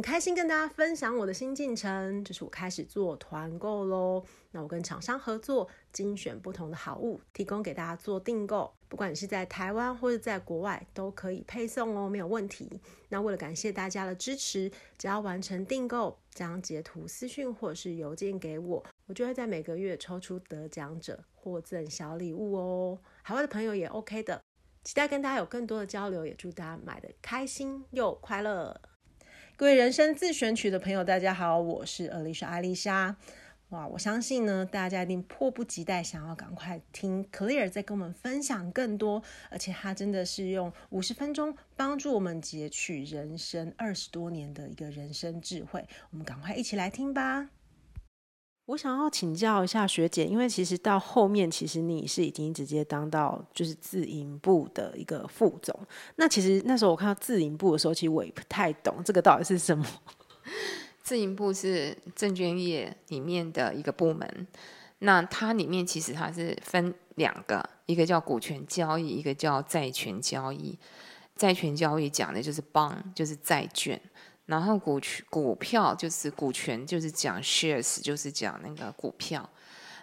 很開心跟大家分享我的新進程，就是我開始做團購嘍。那我跟廠商合作，精選不同的好物，提供給大家做訂購。不管你是在台灣或者在國外，都可以配送哦，沒有問題。那為了感謝大家的支持，只要完成訂購，將截圖、私訊或者是郵件給我，我就會在每個月抽出得獎者獲贈小禮物哦。海外的朋友也 OK 的，期待跟大家有更多的交流，也祝大家買得開心又快樂。各位人生自選曲的朋友，大家好，我是艾麗莎艾莉莎。哇，我相信呢，大家一定迫不及待想要趕快聽 Clare 再跟我們分享更多，而且他真的是用五十分鐘幫助我們擷取人生二十多年的一個人生智慧，我們趕快一起來聽吧。我想要請教一下學姐，因為其實到後面，其實你是已經直接當到就是自營部的一個副總。那其實那時候我看到自營部的時候，其實我也不太懂這個到底是什麼。自營部是證券業裡面的一個部門，那它裡面其實它是分兩個，一個叫股權交易，一個叫債權交易。債權交易講的就是幫、bond,，就是債券。然後股權、股票就是股權，就是講 shares，就是講那個股票。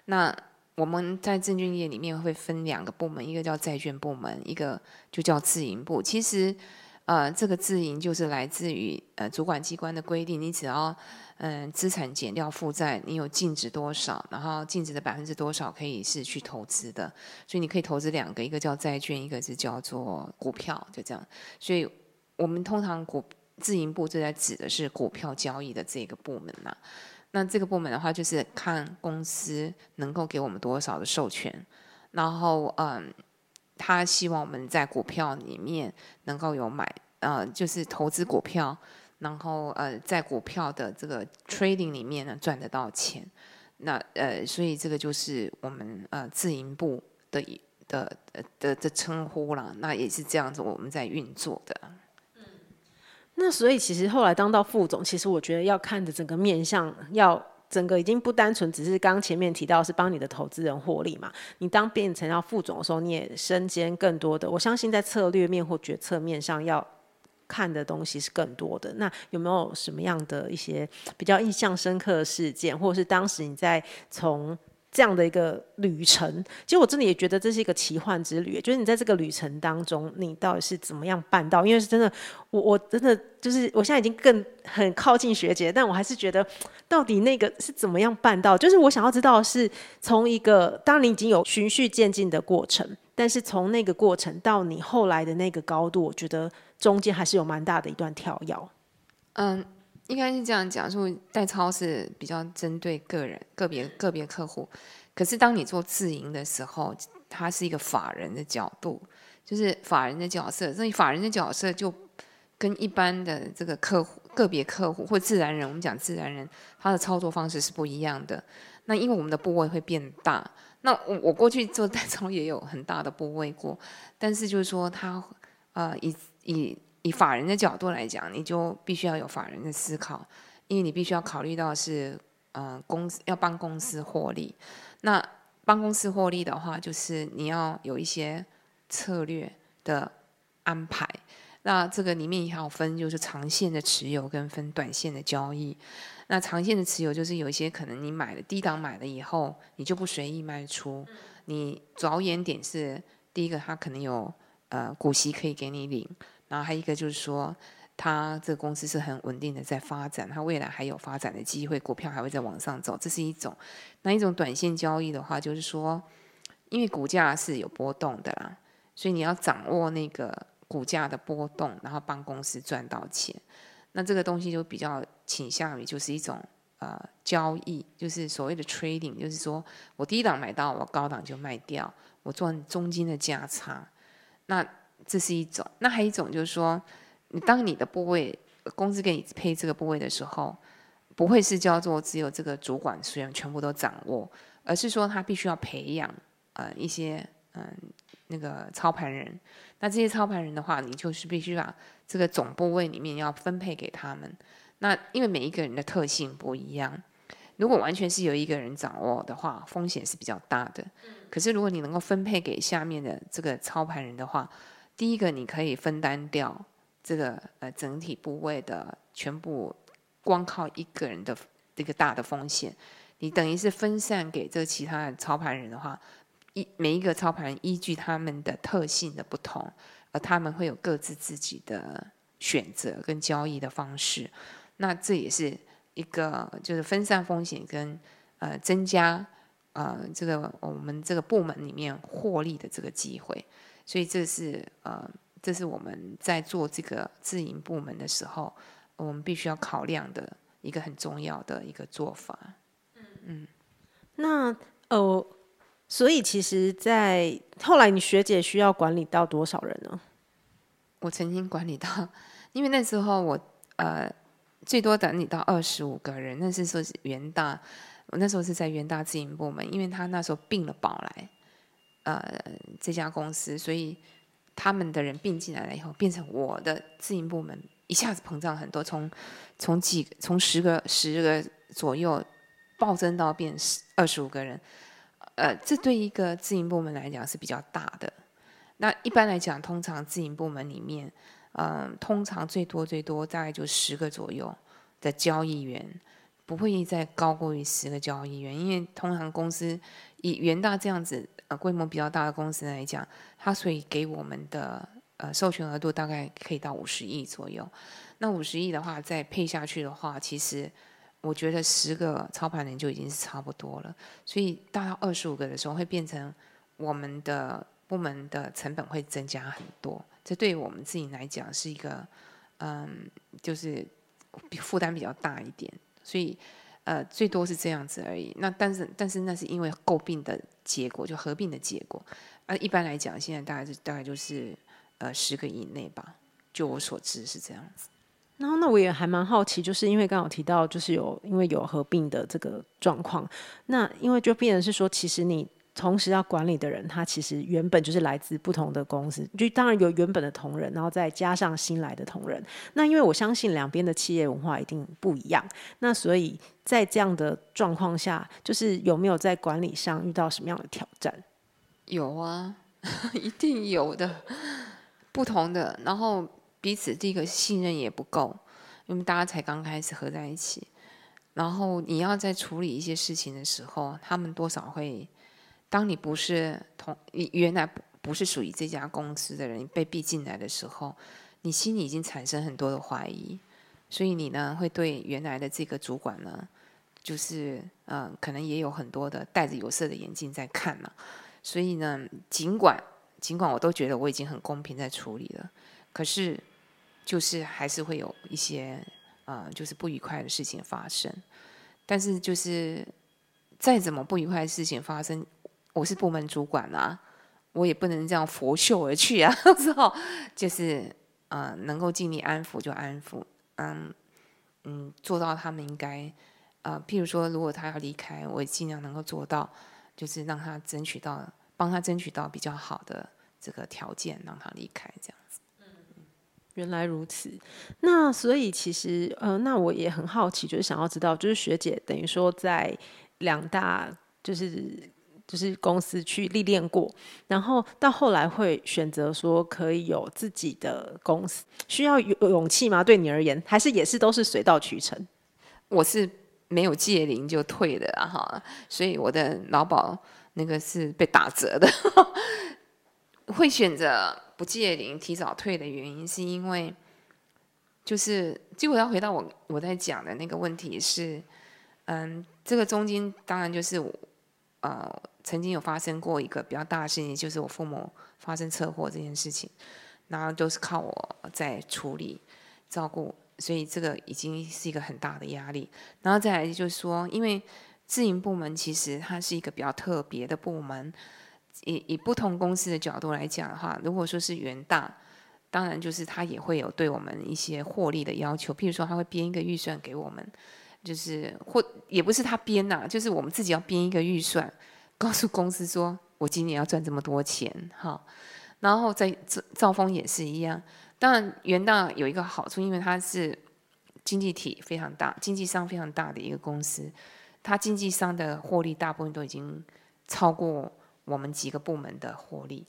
那我們在證券業裡面會分兩個部門，一個叫債券部門，一個就叫自營部。其實，呃，這個自營就是來自於呃主管機關的規定，你只要嗯、呃、資產減掉負債，你有淨值多少，然後淨值的百分之多少可以是去投資的。所以你可以投資兩個，一個叫債券，一個是叫做股票，就這樣。所以我們通常股。自營部就在指的是股票交易的這個部門啦，那這個部門的話就是看公司能夠給我們多少的授權，然後嗯、呃，他希望我們在股票裡面能夠有買，呃，就是投資股票，然後呃，在股票的這個 trading 裡面呢賺得到錢，那呃，所以這個就是我們呃自營部的的的的，的，的稱呼啦，那也是這樣子我們在運作的。那所以其實後來當到副總，其實我覺得要看的整個面向，要整個已經不單純只是剛前面提到是幫你的投資人獲利嘛。你當變成要副總的時候，你也身兼更多的，我相信在策略面，或決策面上要看的東西是更多的。那有沒有什麼樣的一些比較印象深刻的事件，或是當時你在從？這樣的一個旅程，其實我真的也覺得這是一個奇幻之旅。就是你在這個旅程當中，你到底是怎麼樣辦到？因為是真的，我我真的就是我現在已經更很靠近學姐，但我還是覺得到底那個是怎麼樣辦到？就是我想要知道，是從一個當然你已經有循序漸進的過程，但是從那個過程到你後來的那個高度，我覺得中間還是有蠻大的一段跳躍。嗯。應該是這樣講，說代操是比較針對個人，個別個別客戶。可是當你做自營的時候，它是一個法人的角度，就是法人的角色。所以法人的角色就跟一般的這個客戶、個別客戶或自然人，我們講自然人，他的操作方式是不一樣的。那因為我們的部位會變大，那我我過去做代操也有很大的部位過，但是就是說他呃以以。以以法人的角度來講，你就必須要有法人的思考，因為你必須要考慮到的是，呃，公司要幫公司獲利。那幫公司獲利的話，就是你要有一些策略的安排。那這個裡面也要分，就是長線的持有跟分短線的交易。那長線的持有就是有一些可能你買了低檔買了以後，你就不隨意賣出，你着眼點是第一個，他可能有呃股息可以給你領。然後還有一個就是說，它這個公司是很穩定的在發展，它未來還有發展的機會，股票還會再往上走，這是一種。那一種短線交易的話，就是說，因為股價是有波動的啦，所以你要掌握那個股價的波動，然後幫公司賺到錢。那這個東西就比較傾向於就是一種呃交易，就是所謂的 trading，就是說我低檔買到我高檔就賣掉，我賺中間的價差。那這是一種，那還有一種就是說，你當你的部位，公司給你配這個部位的時候，不會是叫做只有這個主管人員全部都掌握，而是說他必須要培養呃一些嗯、呃、那個操盤人。那這些操盤人的話，你就是必須把這個總部位裡面要分配給他們。那因為每一個人的特性不一樣，如果完全是由一個人掌握的話，風險是比較大的。可是如果你能夠分配給下面的這個操盤人的話，第一個，你可以分擔掉這個呃整體部位的全部，光靠一個人的這個大的風險，你等於是分散給這其他的操盤人的話，一每一個操盤人依據他們的特性的不同，而他們會有各自自己的選擇跟交易的方式，那這也是一個就是分散風險跟呃增加呃這個我們這個部門裡面獲利的這個機會。所以這是呃，這是我們在做這個自營部門的時候，我們必須要考量的一個很重要的一個做法。嗯嗯，那呃、哦，所以其實在，在後來你學姐需要管理到多少人呢？我曾經管理到，因為那時候我呃，最多管理到二十五個人。那是說，是元大，我那時候是在元大自營部門，因為他那時候併了，寶來。呃，這家公司，所以他們的人併進來了以後，變成我的自營部門一下子膨脹很多，從從幾從十個十個左右暴增到變十、二十五個人。呃，這對一個自營部門來講是比較大的。那一般來講，通常自營部門裡面，嗯，呃，通常最多最多大概就十個左右的交易員，不會再高過於十個交易員，因為通常公司以元大這樣子。呃，規模比較大的公司來講，它，所以給我們的呃授權額度大概可以到五十億左右。那五十億的話，再配下去的話，其實我覺得十個操盤人就已經是差不多了。所以到二十五個的時候，會變成我們的部門的成本會增加很多，這對於我們自己來講是一個嗯，就是比負擔比較大一點，所以。呃，最多是這樣子而已。那但是但是，那是因為合併的結果，就合併的結果。呃，一般來講，現在大概是大概就是呃十個以內吧。就我所知是這樣子。然後那我也還蠻好奇，就是因為剛好提到就是有因為有合併的這個狀況，那因為就變成是說，其實你。同時要管理的人，他其實原本就是來自不同的公司，就當然有原本的同仁，然後再加上新來的同仁。那因為我相信兩邊的企業文化一定不一樣，那所以在這樣的狀況下，就是有沒有在管理上遇到什麼樣的挑戰？有啊，一定有的。不同的，然後彼此第一個信任也不夠，因為大家才剛開始合在一起，然後你要在處理一些事情的時候，他們多少會。當你不是同你原來不不是屬於這家公司的人被逼進來的時候，你心裡已經產生很多的懷疑，所以你呢會對原來的這個主管呢，就是嗯、呃，可能也有很多的戴着有色的眼鏡在看呢。所以呢，儘管儘管我都覺得我已經很公平在處理了，可是就是還是會有一些啊、呃、就是不愉快的事情發生。但是就是再怎麼不愉快的事情發生。我是部門主管吶、啊，我也不能這樣拂袖而去啊，之 後就是啊、呃，能夠盡力安撫就安撫，嗯嗯，做到他們應該啊、呃，譬如說，如果他要離開，我也盡量能夠做到，就是讓他爭取到，幫他爭取到比較好的這個條件，讓他離開這樣子。嗯。原來如此，那所以其實嗯、呃，那我也很好奇，就是想要知道，就是學姐等於說在兩大就是。就是公司去歷練過，然後到後來會選擇說可以有自己的公司，需要勇勇氣嗎？對你而言，還是也是都是水到渠成？我是沒有屆齡就退的哈、啊，所以我的勞保那個是被打折的。 會選擇不屆齡提早退的原因，是因為就是結果要回到我我在講的那個問題是，嗯，這個中間當然就是呃。曾經有發生過一個比較大的事情，就是我父母發生車禍這件事情，然後都是靠我在處理照顧，所以這個已經是一個很大的壓力。然後再來就是說，因為自營部門其實它是一個比較特別的部門，以以不同公司的角度來講的話，如果說是元大，當然就是它也會有對我們一些獲利的要求，譬如說他會編一個預算給我們，就是或也不是他編吶、啊，就是我們自己要編一個預算。告訴公司說：“我今年要賺這麼多錢，哈。”然後在兆豐也是一樣。當然，元大有一個好處，因為它是經濟體非常大、經紀商非常大的一個公司，它經紀商的獲利大部分都已經超過我們幾個部門的獲利，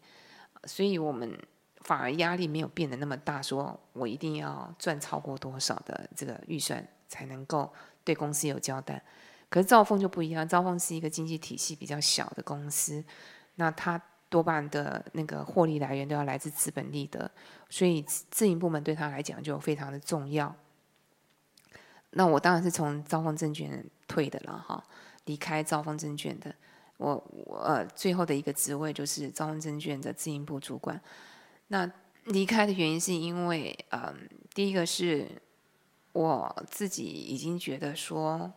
所以我們反而壓力沒有變得那麼大。說我一定要賺超過多少的這個預算，才能夠對公司有交代。可是兆豐就不一樣，兆豐是一個經濟體系比較小的公司，那它多半的那個獲利來源都要來自資本利得，所以自營部門對他來講就非常的重要。那我當然是從兆豐證券退的了哈，離開兆豐證券的，我我、呃、最後的一個職位就是兆豐證券的自營部主管。那離開的原因是因為，嗯、呃，第一個是我自己已經覺得說。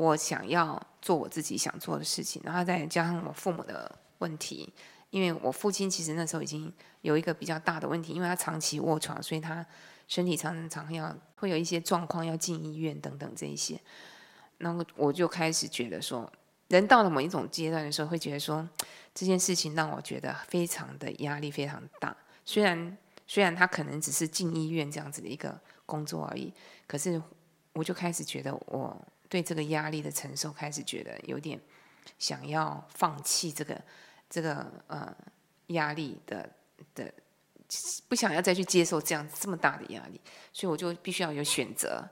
我想要做我自己想做的事情，然後再加上我父母的問題，因為我父親其實那時候已經有一個比較大的問題，因為他長期臥床，所以他身體常常要會有一些狀況要進醫院等等這一些。那我就開始覺得說，人到了某一種階段的時候，會覺得說這件事情讓我覺得非常的壓力非常大。雖然雖然他可能只是進醫院這樣子的一個工作而已，可是我就開始覺得我。對這個壓力的承受，開始覺得有點想要放棄這個這個呃壓力的的，不想要再去接受這樣這麼大的壓力，所以我就必須要有選擇。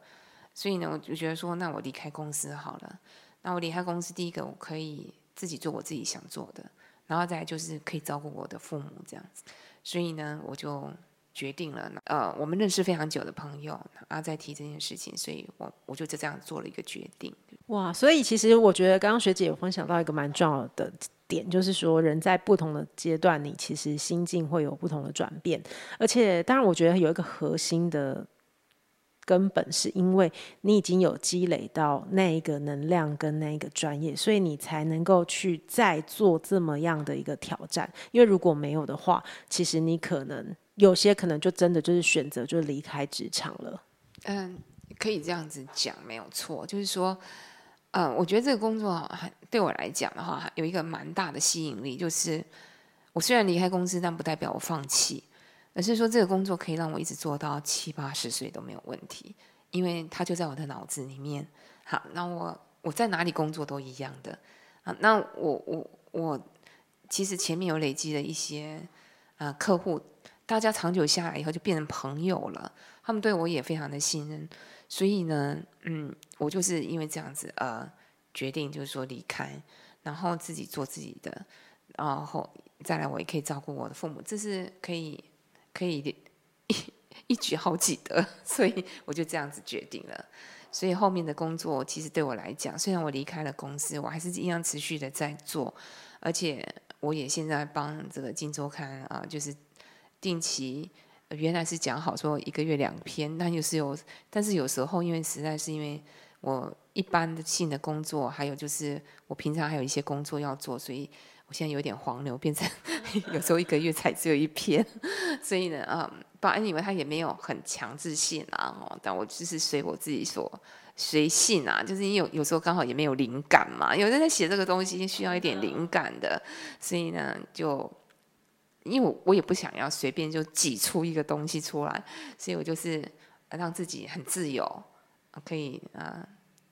所以呢，我就覺得說，那我離開公司好了。那我離開公司，第一個我可以自己做我自己想做的，然後再就是可以照顧我的父母這樣子。所以呢，我就。決定了，呃，我們認識非常久的朋友啊，在提這件事情，所以我我就就這樣做了一個決定。哇，所以其實我覺得剛剛學姐有分享到一個蠻重要的點，就是說人在不同的階段，你其實心境會有不同的轉變。而且，當然，我覺得有一個核心的根本，是因為你已經有積累到那一個能量跟那一個專業，所以你才能夠去再做這麼樣的一個挑戰。因為如果沒有的話，其實你可能。有些可能就真的就是選擇就離開職場了，嗯，可以這樣子講沒有錯，就是說，嗯、呃，我覺得這個工作對我來講的話，有一個蠻大的吸引力，就是我雖然離開公司，但不代表我放棄，而是說這個工作可以讓我一直做到七八十歲都沒有問題，因為它就在我的腦子裡面。好，那我我在哪裡工作都一樣的啊，那我我我其實前面有累積了一些啊、呃、客戶。大家長久下來以後就變成朋友了，他們對我也非常的信任，所以呢，嗯，我就是因為這樣子呃決定就是說離開，然後自己做自己的，然後，後再來我也可以照顧我的父母，這是可以可以一一舉好幾得，所以我就這樣子決定了。所以後面的工作其實對我來講，雖然我離開了公司，我還是一樣持續的在做，而且我也現在幫這個《今周刊》啊、呃，就是。定期、呃、原來是講好說一個月兩篇，但又是有，但是有時候因為實在是因為我一般的性的工作，還有就是我平常還有一些工作要做，所以我現在有點黃牛，變成有時候一個月才只有一篇。所以呢，啊、嗯，不好因為他也沒有很強制性啊，但我只是隨我自己所隨性啊，就是因為有有時候剛好也沒有靈感嘛，有時候在寫這個東西需要一點靈感的，所以呢就。因為我我也不想要隨便就擠出一個東西出來，所以我就是讓自己很自由，可以啊，呃，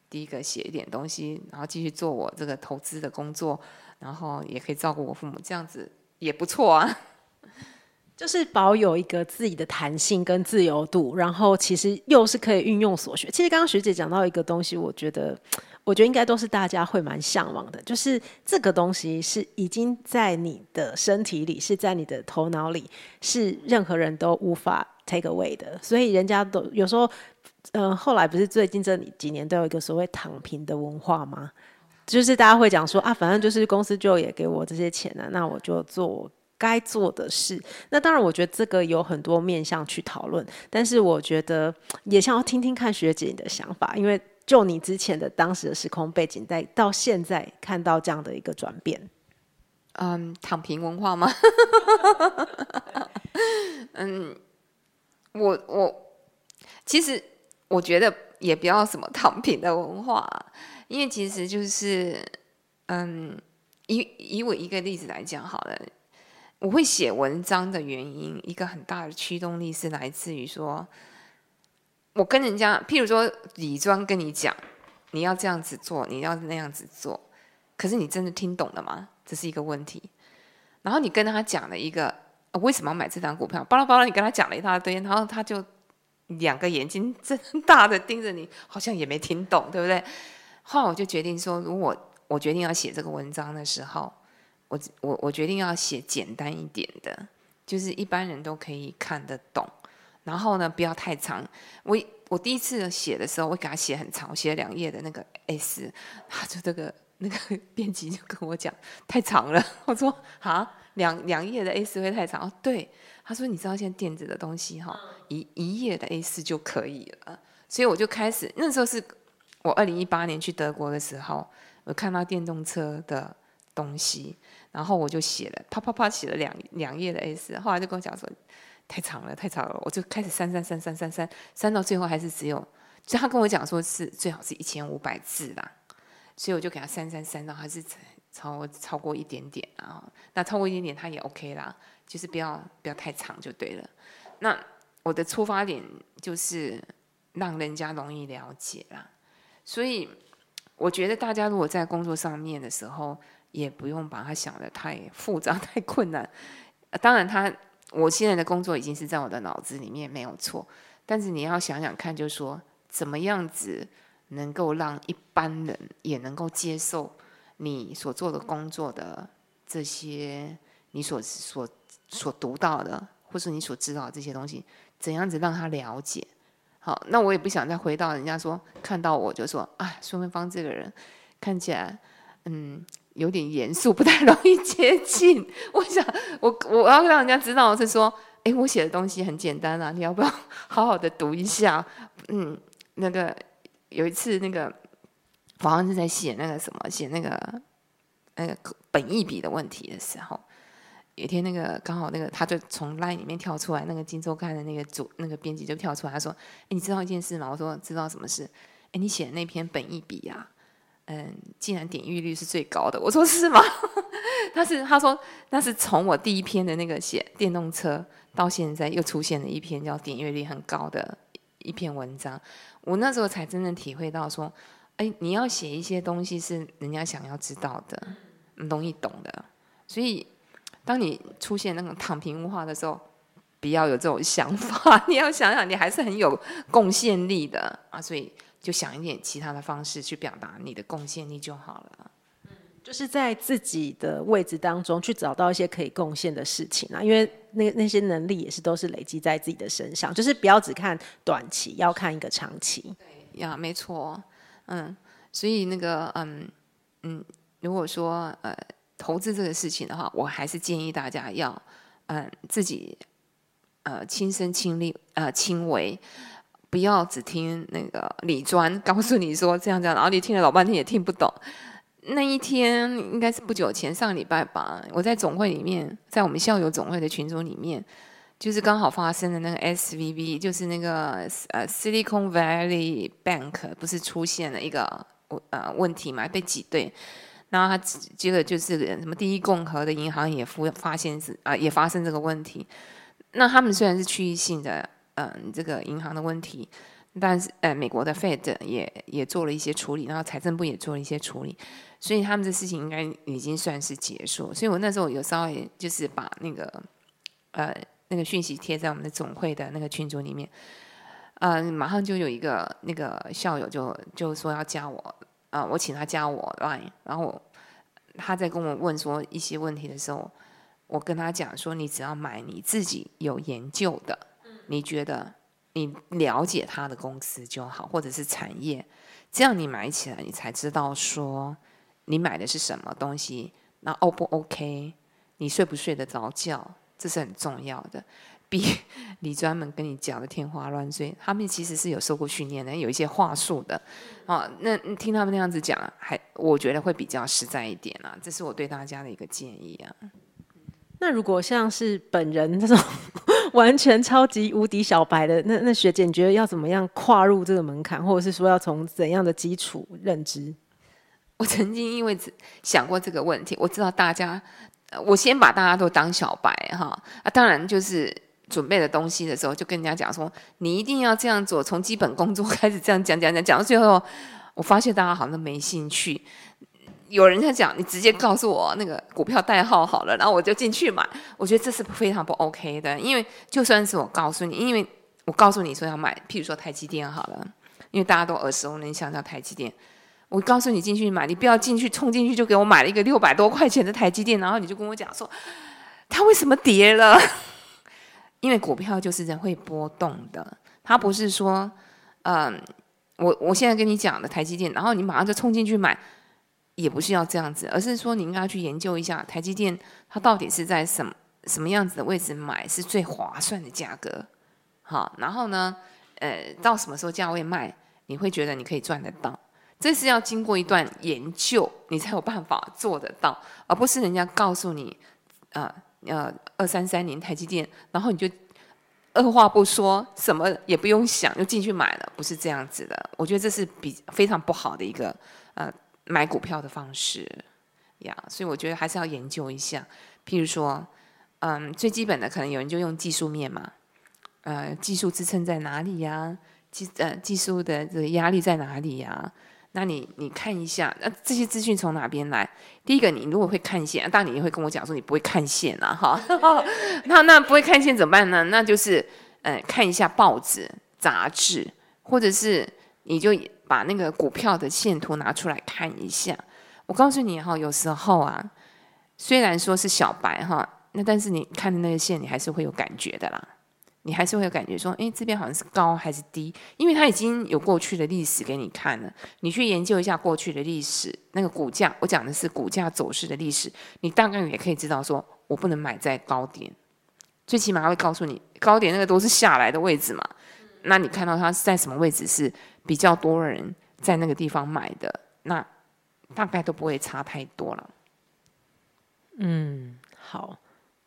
第一個寫一點東西，然後繼續做我這個投資的工作，然後也可以照顧我父母，這樣子也不錯啊。就是保有一個自己的彈性跟自由度，然後其實又是可以運用所學。其實剛剛學姐講到一個東西，我覺得。我覺得應該都是大家會蠻向往的，就是這個東西是已經在你的身體裡，是在你的頭腦裡，是任何人都無法 take away 的。所以人家都有時候，嗯、呃，後來不是最近這幾年都有一個所謂“躺平”的文化嗎？就是大家會講說啊，反正就是公司就也給我這些錢了、啊，那我就做該做的事。那當然，我覺得這個有很多面向去討論，但是我覺得也想要聽聽看學姐你的想法，因為。就你之前的當時的時空背景，再到現在看到這樣的一個轉變，嗯，躺平文化嗎？ 嗯，我我其實我覺得也不要什麼躺平的文化，因為其實就是嗯，以以我一個例子來講好了，我會寫文章的原因，一個很大的驅動力是來自於說。我跟人家，譬如說，李莊跟你講，你要這樣子做，你要那樣子做，可是你真的聽懂了嗎？這是一個問題。然後你跟他講了一個、哦、為什麼要買這張股票，巴拉巴拉，你跟他講了一大堆，然後他就兩個眼睛睜大的盯着你，好像也沒聽懂，對不對？後來我就決定說，如果我決定要寫這個文章的時候，我我我決定要寫簡單一點的，就是一般人都可以看得懂。然後呢，不要太長。我我第一次寫的時候，我給他寫很長，我寫了兩頁的那個 a 他就這個那個編輯就跟我講太長了。我說哈，兩兩頁的 A4 會太長，哦。對，他說你知道現在電子的東西哈、哦，一一頁的 A4 就可以了。所以我就開始那時候是我二零一八年去德國的時候，我看到電動車的東西，然後我就寫了啪啪啪寫了兩兩頁的 A4，後來就跟我講說。太長了，太長了，我就開始刪刪刪刪刪刪，刪到最後還是只有。所以他跟我講說是最好是一千五百字啦，所以我就給他刪刪刪，到還是超超過一點點，啊，那超過一點點他也 OK 啦，就是不要不要太長就對了。那我的出發點就是讓人家容易了解啦，所以我覺得大家如果在工作上面的時候，也不用把它想得太複雜、太困難。當然他。我現在的工作已經是在我的腦子裡面沒有錯，但是你要想想看，就是說怎麼樣子能夠讓一般人也能夠接受你所做的工作的這些你所所所讀到的，或是你所知道的這些東西，怎樣子讓他了解？好，那我也不想再回到人家說看到我就說啊，孫慧芳這個人看起來，嗯。有點嚴肅，不太容易接近。我想，我我要讓人家知道是說，誒，我寫的東西很簡單啊，你要不要好好的讀一下？嗯，那個有一次，那個我好像是在寫那個什麼，寫那個那個本益比的問題的時候，有一天那個剛好那個他就從 line 裡面跳出來，那個今週刊的那個主那個編輯就跳出來他說，誒，你知道一件事嗎？我說知道什麼事？誒，你寫的那篇本益比呀，啊。嗯，竟然點閱率是最高的，我說是嗎？ 他是他說那是從我第一篇的那個寫電動車到現在又出現了一篇叫點閱率很高的，一篇文章，我那時候才真正體會到說，哎、欸，你要寫一些東西是人家想要知道的，你容易懂的，所以當你出現那種躺平文化的時候，不要有這種想法，你要想想你還是很有貢獻力的啊，所以。就想一點其他的方式去表達你的貢獻力就好了，就是在自己的位置當中去找到一些可以貢獻的事情啊，因為那那些能力也是都是累積在自己的身上，就是不要只看短期，要看一個長期對。對呀，沒錯，嗯，所以那個嗯嗯，如果說呃投資這個事情的話，我還是建議大家要嗯、呃、自己呃親身親力呃親為。不要只聽那個理專告訴你說這樣這樣，然後你聽了老半天也聽不懂。那一天應該是不久前上個禮拜吧，我在總會裡面，在我們校友總會的群組裡面，就是剛好發生的那個 SVB，就是那個呃 Silicon Valley Bank 不是出現了一個呃問題嘛，還被擠兌，然後他接着就是什麼第一共和的銀行也發發現是啊、呃、也發生這個問題，那他們雖然是區域性的。嗯，這個銀行的問題，但是呃，美國的 Fed 也也做了一些處理，然後財政部也做了一些處理，所以他們這事情應該已經算是結束。所以我那時候有稍微就是把那個呃那個訊息貼在我們的總會的那個群組裡面，呃，馬上就有一個那個校友就就說要加我啊、呃，我請他加我來 i 然後他在跟我問說一些問題的時候，我跟他講說，你只要買你自己有研究的。你覺得你了解他的公司就好，或者是產業，這樣你買起來你才知道說你買的是什麼東西，那 O 不 OK，你睡不睡得着覺，這是很重要的。比你專門跟你講的天花亂墜，他們其實是有受過訓練的，有一些話術的，哦，那聽他們那樣子講，還我覺得會比較實在一點啊，這是我對大家的一個建議啊。那如果像是本人這種完全超級無敵小白的，那那學姐你覺得要怎麼樣跨入這個門檻，或者是說要從怎樣的基礎認知？我曾經因為想過這個問題，我知道大家，我先把大家都當小白哈啊，當然就是準備的東西的時候，就跟人家講說，你一定要這樣做，從基本工作開始這樣講講講講到最後，我發現大家好像都沒興趣。有人在講，你直接告訴我那個股票代號好了，然後我就進去買。我覺得這是非常不 OK 的，因為就算是我告訴你，因為我告訴你說要買，譬如說台積電好了，因為大家都耳熟能詳叫台積電，我告訴你進去買，你不要進去衝進去就給我買了一個六百多塊錢的台積電，然後你就跟我講說，它為什麼跌了？ 因為股票就是人會波動的，它不是說，嗯，我我現在跟你講的台積電，然後你馬上就衝進去買。也不是要這樣子，而是說你應該去研究一下台積電，它到底是在什麼什麼樣子的位置買是最划算的價格，好，然後呢，呃，到什麼時候價位賣，你會覺得你可以賺得到，這是要經過一段研究，你才有辦法做得到，而不是人家告訴你，啊，呃，2330台積電，然後你就二話不說，什麼也不用想就進去買了，不是這樣子的，我覺得這是比非常不好的一個，呃。買股票的方式呀，yeah, 所以我覺得還是要研究一下。譬如說，嗯，最基本的可能有人就用技術面嘛，呃，技術支撐在哪裡呀？技呃，技術的這個壓力在哪裡呀？那你你看一下，那、呃、這些資訊從哪邊來？第一個，你如果會看線，當然你會跟我講說你不會看線了、啊、哈。 那那不會看線怎麼辦呢？那就是，嗯、呃，看一下報紙、雜誌，或者是你就。把那個股票的線圖拿出來看一下。我告訴你哈，有時候啊，雖然說是小白哈，那但是你看的那個線，你還是會有感覺的啦。你還是會有感覺說，誒，這邊好像是高還是低？因為它已經有過去的歷史給你看了。你去研究一下過去的歷史，那個股價，我講的是股價走勢的歷史，你大概也可以知道說我不能買在高點。最起碼會告訴你，高點那個都是下來的位置嘛。那你看到它是在什麼位置是？比較多人在那個地方買的，那大概都不會差太多了。嗯，好，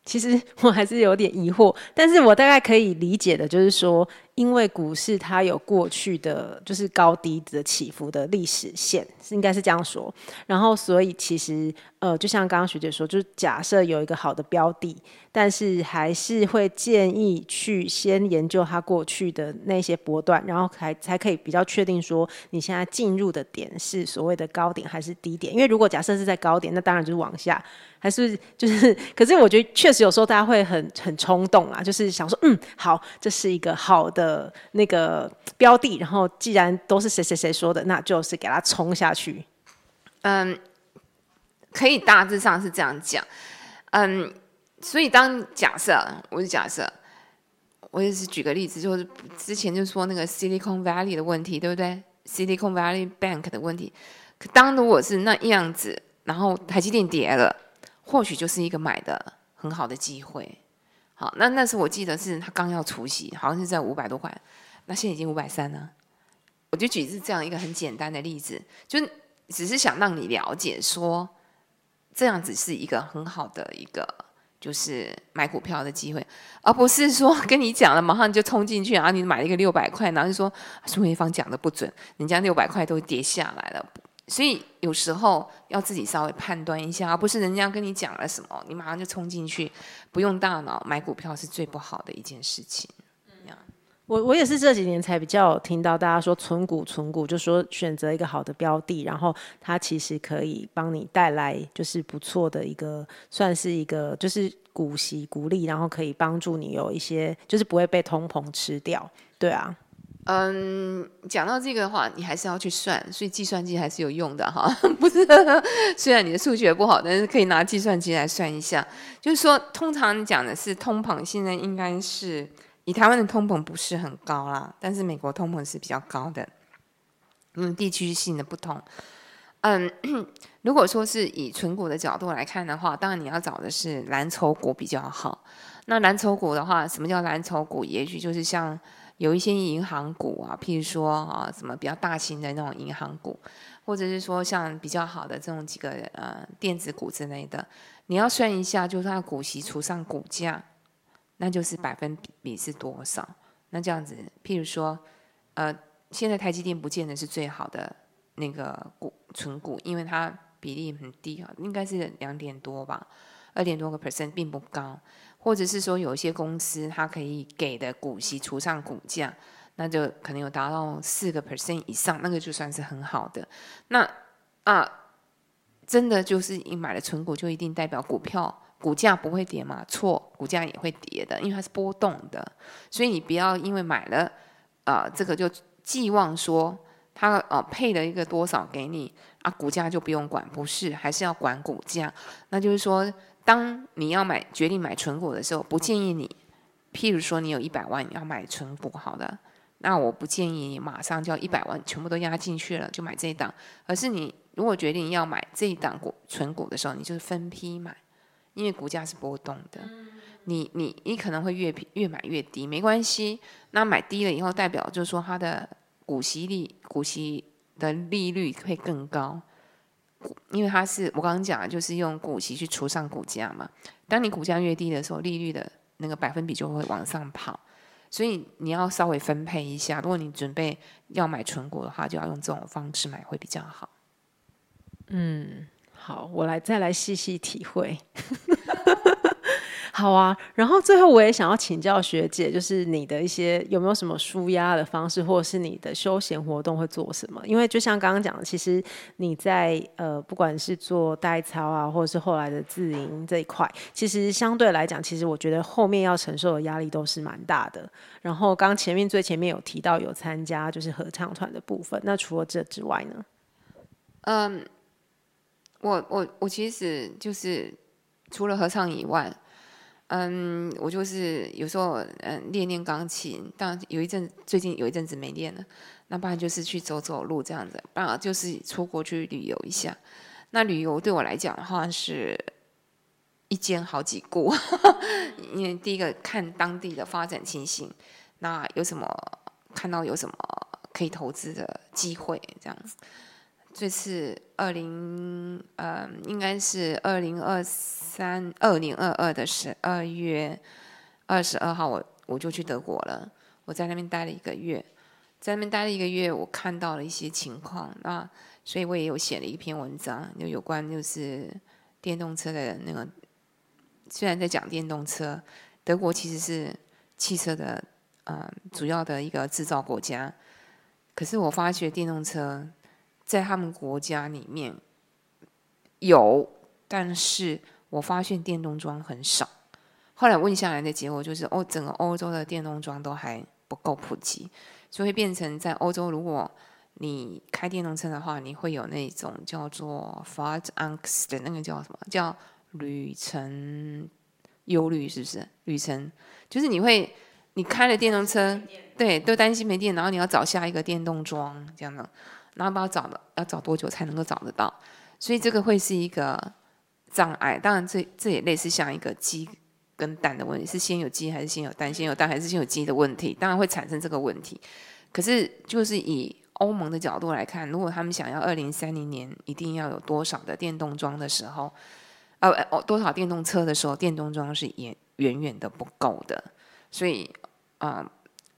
其實我還是有點疑惑，但是我大概可以理解的，就是說。因為股市它有過去的就是高低的起伏的歷史線，是應該是這樣說。然後所以其實呃，就像剛剛學姐說，就是假設有一個好的標的，但是還是會建議去先研究它過去的那些波段，然後才才可以比較確定說你現在進入的點是所謂的高點還是低點。因為如果假設是在高點，那當然就是往下，還是就是。可是我覺得確實有時候大家會很很衝動啊，就是想說嗯好，這是一個好的。呃，那個標的，然後既然都是誰誰誰說的，那就是給他衝下去。嗯，可以大致上是這樣講。嗯，所以當假設，我就假設，我也是舉個例子，就是之前就說那個 Silicon Valley 的問題，對不對？Silicon Valley Bank 的問題，可當如果是那樣子，然後台積電跌了，或許就是一個買的很好的機會。好，那那是我記得是他剛要除息，好像是在五百多塊，那現在已經五百三了。我就舉是這樣一個很簡單的例子，就只是想讓你了解說，這樣子是一個很好的一個就是買股票的機會，而不是說跟你講了馬上就衝進去，然後你買了一個六百塊，然後就說孫慧芳講的不準，人家六百塊都跌下來了。所以有時候要自己稍微判斷一下，而不是人家跟你講了什麼，你馬上就衝進去，不用大腦買股票是最不好的一件事情。Yeah. 我我也是這幾年才比較聽到大家說存股存股，就說選擇一個好的標的，然後它其實可以幫你帶來就是不錯的一個，算是一個就是股息股利，然後可以幫助你有一些就是不會被通膨吃掉，對啊。嗯，講到這個的話，你還是要去算，所以計算機還是有用的哈，不是？雖然你的數學不好，但是可以拿計算機來算一下。就是說，通常你講的是通膨，現在應該是以台灣的通膨不是很高啦，但是美國通膨是比較高的，嗯，地區性的不同。嗯，如果說是以存股的角度來看的話，當然你要找的是藍籌股比較好。那藍籌股的話，什麼叫藍籌股？也許就是像。有一些銀行股啊，譬如說啊，什麼比較大型的那種銀行股，或者是說像比較好的這種幾個呃電子股之類的，你要算一下，就是它的股息除上股價，那就是百分比是多少。那這樣子，譬如說，呃，現在台積電不見得是最好的那個股存股，因為它比例很低啊，應該是兩點多吧。二點多個 percent 並不高，或者是說有一些公司它可以給的股息除上股價，那就可能有達到四個 percent 以上，那個就算是很好的。那啊，真的就是你買了存股就一定代表股票股價不會跌嘛？錯，股價也會跌的，因為它是波動的。所以你不要因為買了啊這個就寄望說它呃、啊、配了一個多少給你啊，股價就不用管，不是，還是要管股價。那就是說。當你要買決定買存股的時候，不建議你，譬如說你有一百萬你要買存股，好的，那我不建議你馬上就要一百萬全部都押進去了就買這一檔，而是你如果決定要買這一檔股存股的時候，你就是分批買，因為股價是波動的，你你你可能會越越買越低，沒關係，那買低了以後代表就是說它的股息利、股息的利率會更高。因為它是我剛剛講的，就是用股息去除上股價嘛。當你股價越低的時候，利率的那個百分比就會往上跑，所以你要稍微分配一下。如果你準備要買存股的話，就要用這種方式買會比較好。嗯，好，我來再來細細體會。 好啊，然後最後我也想要請教學姐，就是你的一些有沒有什麼舒壓的方式，或者是你的休閒活動會做什麼？因為就像剛剛講的，其實你在呃不管是做代操啊，或者是後來的自營這一塊，其實相對來講，其實我覺得後面要承受的壓力都是蠻大的。然後剛前面最前面有提到有參加就是合唱團的部分，那除了這之外呢？嗯，我我我其實就是除了合唱以外。嗯，我就是有時候嗯練練鋼琴，但有一陣最近有一陣子沒練了。那不然就是去走走路這樣子，不然就是出國去旅遊一下。那旅遊對我來講的話是一兼好幾顧， 因為第一個看當地的發展情形，那有什麼看到有什麼可以投資的機會這樣子。這次二零呃，應該是二零二三二零二二的十二月二十二號，我，我我就去德國了。我在那邊待了一個月，在那邊待了一個月，我看到了一些情況。那、啊、所以我也有寫了一篇文章，就有關就是電動車的那個。雖然在講電動車，德國其實是汽車的呃主要的一個制造國家，可是我發覺電動車。在他們國家裡面有，但是我發現電動樁很少。後來問下來的結果就是，歐、哦、整個歐洲的電動樁都還不夠普及，就會變成在歐洲，如果你開電動車的話，你會有那種叫做 “Fart Angst” 的那個叫什麼叫旅程憂慮，是不是？旅程就是你會你開了電動車，對，都擔心沒電，然後你要找下一個電動樁，這樣的。然後要找了，要找多久才能夠找得到，所以這個會是一個障礙。當然這，這這也類似像一個雞跟蛋的問題，是先有雞還是先有蛋？先有蛋還是先有雞的問題？當然會產生這個問題。可是，就是以歐盟的角度來看，如果他們想要二零三零年一定要有多少的電動樁的時候，呃，哦，多少電動車的時候，電動樁是遠遠遠的不夠的。所以，啊、呃。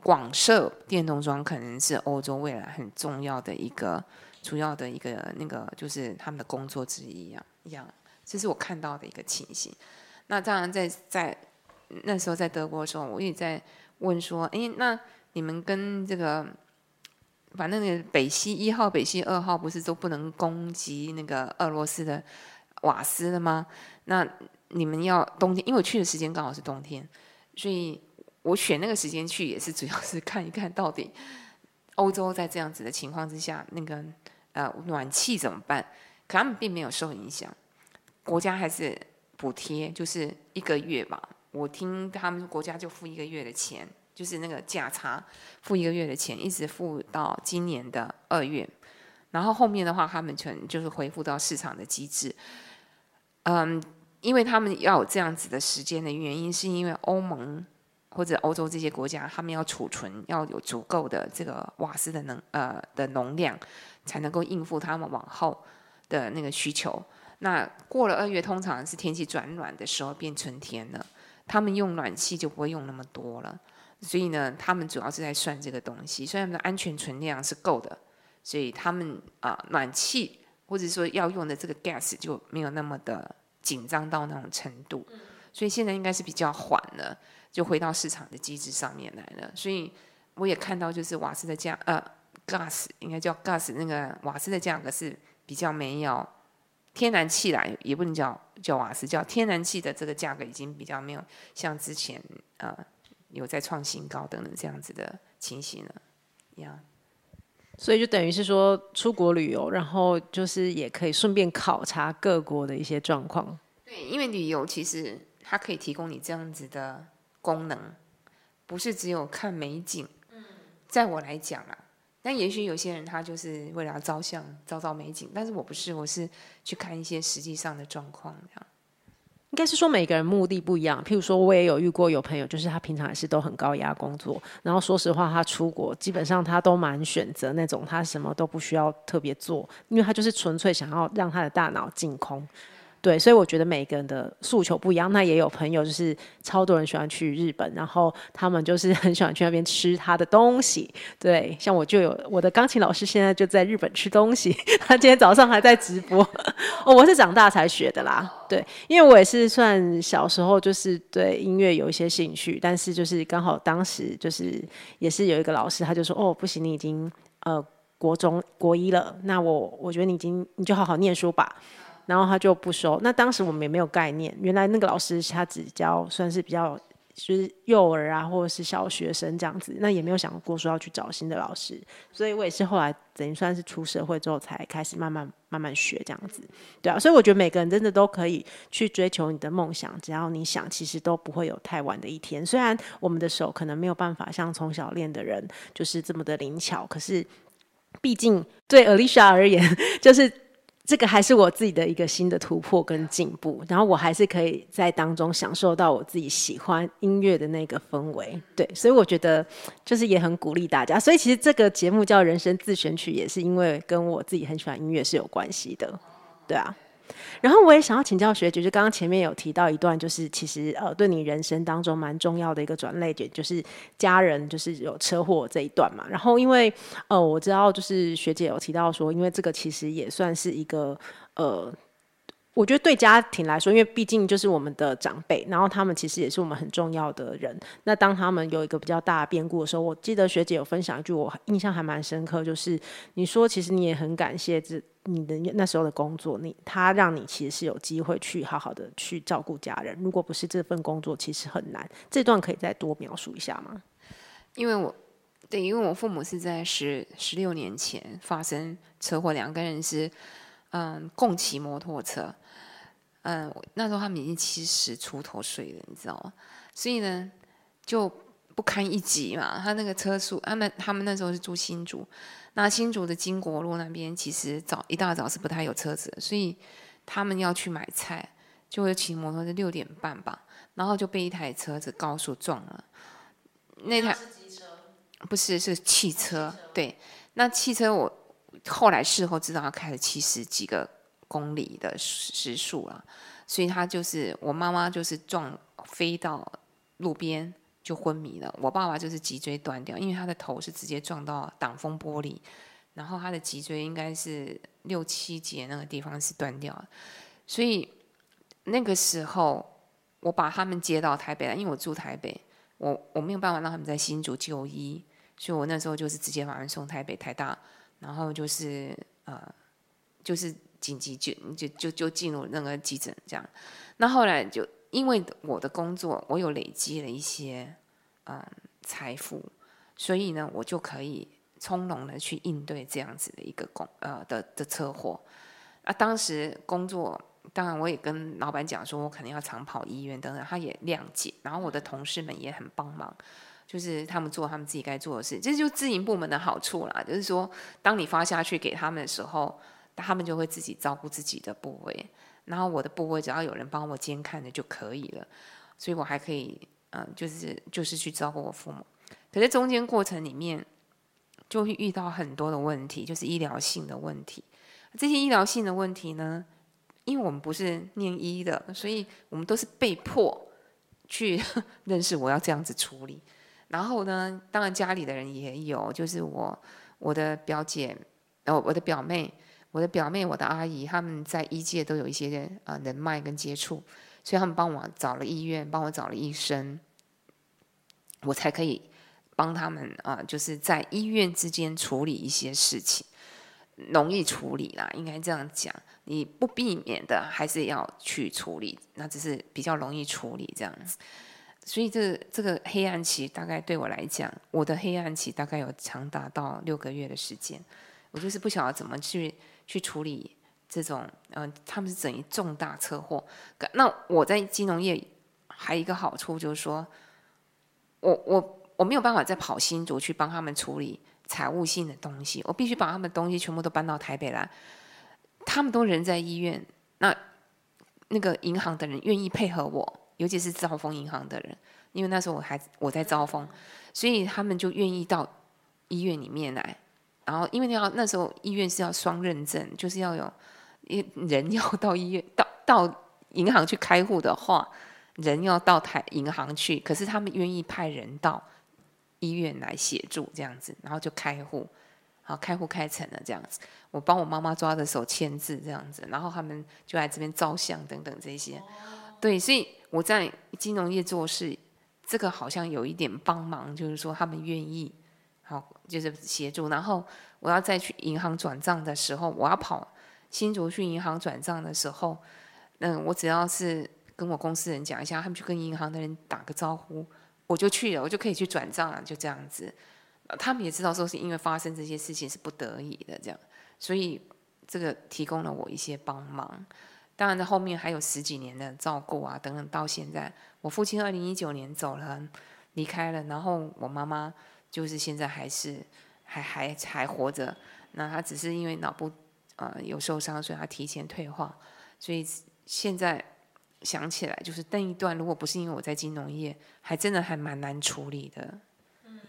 廣設電動樁可能是歐洲未來很重要的一個主要的一個那個就是他們的工作之一一樣，這是我看到的一個情形。那當然，在在那時候在德國的時候，我也在問說，哎，那你們跟這個，反正北溪一號、北溪二號不是都不能攻擊那個俄羅斯的瓦斯了嗎？那你們要冬天，因為我去的時間剛好是冬天，所以。我選那個時間去也是，主要是看一看到底歐洲在這樣子的情況之下，那個呃暖氣怎麼辦？可他們並沒有受影響，國家還是補貼，就是一個月吧。我聽他們說，國家就付一個月的錢，就是那個價差，付一個月的錢，一直付到今年的二月。然後後面的話，他們全就是恢復到市場的機制。嗯，因為他們要有這樣子的時間的原因，是因為歐盟。或者歐洲這些國家，他們要儲存要有足夠的這個瓦斯的能呃的容量，才能夠應付他們往後的那個需求。那過了二月，通常是天氣轉暖的時候，變春天了，他們用暖氣就不會用那麼多了。所以呢，他們主要是在算這個東西，所以他們的安全存量是夠的，所以他們啊、呃，暖氣或者說要用的這個 gas 就沒有那麼的緊張到那種程度，所以現在應該是比較緩了。就回到市場的機制上面來了，所以我也看到，就是瓦斯的價呃，gas 應該叫 gas，那個瓦斯的價格是比較沒有天然氣來，也不能叫叫瓦斯，叫天然氣的這個價格已經比較沒有像之前呃有在創新高等等這樣子的情形了。呀、yeah.，所以就等於是說出國旅遊，然後就是也可以順便考察各國的一些狀況。對，因為旅遊其實它可以提供你這樣子的。功能不是只有看美景。在我來講啊，但也許有些人他就是為了要照相，照照美景。但是我不是，我是去看一些實際上的狀況這樣。應該是說每個人目的不一樣。譬如說我也有遇過有朋友，就是他平常也是都很高壓工作，然後說實話他出國，基本上他都蠻選擇那種他什麼都不需要特別做，因為他就是純粹想要讓他的大腦淨空。對，所以我覺得每個人的訴求不一樣。那也有朋友就是超多人喜歡去日本，然後他們就是很喜歡去那邊吃他的東西。對，像我就有我的鋼琴老師，現在就在日本吃東西。他今天早上還在直播。哦，我是長大才學的啦。對，因為我也是算小時候就是對音樂有一些興趣，但是就是剛好當時就是也是有一個老師，他就說：“哦，不行，你已經呃國中國一了，那我我覺得你已經你就好好念書吧。”然後他就不收。那當時我們也沒有概念，原來那個老師他只教算是比較就是幼兒啊，或者是小學生這樣子。那也沒有想過說要去找新的老師，所以我也是後來等於算是出社會之後才開始慢慢慢慢學這樣子。對啊，所以我覺得每個人真的都可以去追求你的夢想，只要你想，其實都不會有太晚的一天。雖然我們的手可能沒有辦法像從小練的人就是這麼的靈巧，可是畢竟對 Alicia 而言，就是。這個還是我自己的一個新的突破跟進步，然後我還是可以在當中享受到我自己喜歡音樂的那個氛圍，對，所以我覺得就是也很鼓勵大家。所以其實這個節目叫《人生自選曲》，也是因為跟我自己很喜歡音樂是有關係的，對啊。然後我也想要請教學姐，就剛剛前面有提到一段，就是其實呃對你人生當中蠻重要的一個轉捩點，就是家人就是有車禍這一段嘛。然後因為呃我知道就是學姐有提到說，因為這個其實也算是一個呃。我覺得對家庭來說，因為畢竟就是我們的長輩，然後他們其實也是我們很重要的人。那當他們有一個比較大的變故的時候，我記得學姐有分享一句，我印象還蠻深刻，就是你說其實你也很感謝這你的那時候的工作，你它讓你其實是有機會去好好的去照顧家人。如果不是這份工作，其實很難。這段可以再多描述一下嗎？因為我對，因為我父母是在十十六年前發生車禍，兩個人是。嗯，共騎摩托車。嗯，那時候他們已經七十出頭歲了，你知道嗎？所以呢，就不堪一擊嘛。他那個車速，他們他們那時候是住新竹，那新竹的經國路那邊其實早一大早是不太有車子，所以他們要去買菜，就會騎摩托車六點半吧，然後就被一台車子高速撞了。那台那是機車？不是，是汽車，汽車嗎？對，那汽車我。後來事後知道，他開了七十幾個公里的時速了，所以他就是我媽媽，就是撞飛到路邊就昏迷了。我爸爸就是脊椎斷掉，因為他的頭是直接撞到擋風玻璃，然後他的脊椎應該是六七節那個地方是斷掉。所以那個時候，我把他們接到台北來，因為我住台北我，我我沒有辦法讓他們在新竹就醫，所以我那時候就是直接把人送台北台大。然後就是呃，就是緊急就就就就進入那個急診這樣，那後來就因為我的工作，我有累積了一些嗯、呃、財富，所以呢，我就可以從容的去應對這樣子的一個工呃的的、的車禍。那、啊、當時工作，當然我也跟老板講說，我可能要常跑醫院等等，他也諒解。然後我的同事們也很幫忙。就是他們做他們自己該做的事，這就是自營部門的好處啦。就是說，當你發下去給他們的時候，他們就會自己照顧自己的部位，然後我的部位只要有人幫我監看着就可以了。所以我還可以，嗯、呃，就是就是去照顧我父母。可是在中間過程裡面就會遇到很多的問題，就是醫療性的問題。這些醫療性的問題呢，因為我們不是念醫的，所以我們都是被迫去認識我要這樣子處理。然後呢，當然家裡的人也有，就是我、我的表姐、哦，我的表妹、我的表妹、我的阿姨，他們在醫界都有一些啊人脈跟接觸，所以他們幫我找了醫院，幫我找了醫生，我才可以幫他們啊、呃，就是在醫院之間處理一些事情，容易處理啦，應該這樣講。你不避免的，還是要去處理，那只是比較容易處理這樣子。所以這這個黑暗期大概對我來講，我的黑暗期大概有長達到六個月的時間，我就是不曉得怎麼去去處理這種，嗯，他們是整一重大車禍。那我在金融業還有一個好處就是說，我我我沒有辦法再跑新竹去幫他們處理財務性的東西，我必須把他們東西全部都搬到台北來。他們都人在醫院，那那個銀行的人願意配合我。尤其是兆豐銀行的人，因為那時候我還我在兆豐，所以他們就願意到醫院裡面來。然後因為要那時候醫院是要雙認證，就是要有人要到醫院到到銀行去開戶的話，人要到台銀行去。可是他們願意派人到醫院來協助這樣子，然後就開戶，然後開戶開成了這樣子。我幫我媽媽抓着手簽字這樣子，然後他們就來這邊照相等等這些，對，所以。我在金融業做事，這個好像有一點幫忙，就是說他們願意，好，就是協助。然後我要再去銀行轉賬的時候，我要跑新竹去銀行轉賬的時候，嗯，我只要是跟我公司人講一下，他們去跟銀行的人打個招呼，我就去了，我就可以去轉賬了，就這樣子。他們也知道說是因為發生這些事情是不得已的這樣，所以這個提供了我一些幫忙。當然，在後面還有十幾年的照顧啊，等等。到現在，我父親二零一九年走了，離開了。然後我媽媽就是現在還是還還還活着。那她只是因為腦部呃有受傷，所以她提前退化。所以現在想起來，就是那一段，如果不是因為我在金融業，還真的還蠻難處理的。嗯，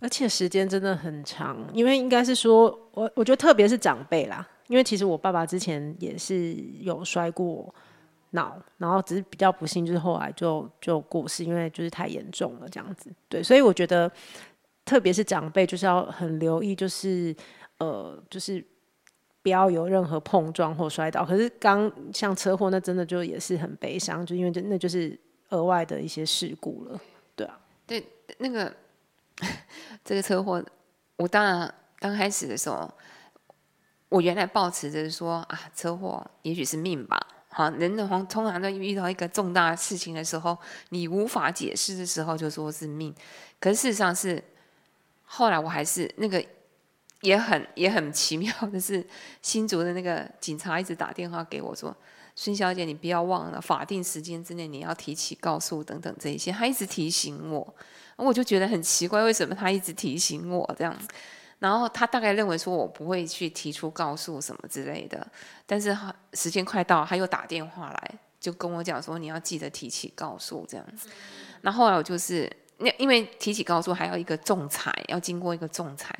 而且時間真的很長，因為應該是說我我覺得，特別是長輩啦。因為其實我爸爸之前也是有摔過腦，然後只是比較不幸，就是後來就就過世，因為就是太嚴重了這樣子。對，所以我覺得，特別是長輩，就是要很留意，就是呃，就是不要有任何碰撞或摔倒。可是剛像車禍，那真的就也是很悲傷，就因為就那就是額外的一些事故了，對啊。對，那個這個車禍，我當然剛開始的時候。我原來抱持着說啊，車禍也許是命吧。好、啊，人的話通常都遇到一個重大事情的時候，你無法解釋的時候，就說是命。可是事實上是，後來我還是那個也很也很奇妙的是，新竹的那個警察一直打電話給我說：“孫小姐，你不要忘了法定時間之內你要提起告訴等等這些。”他一直提醒我，我就覺得很奇怪，為什麼他一直提醒我這樣然後他大概認為說，我不會去提出告訴什麼之類的。但是時間快到了，他又打電話來，就跟我講說，你要記得提起告訴這樣子。那後，後來我就是，因為提起告訴還有一個仲裁，要經過一個仲裁，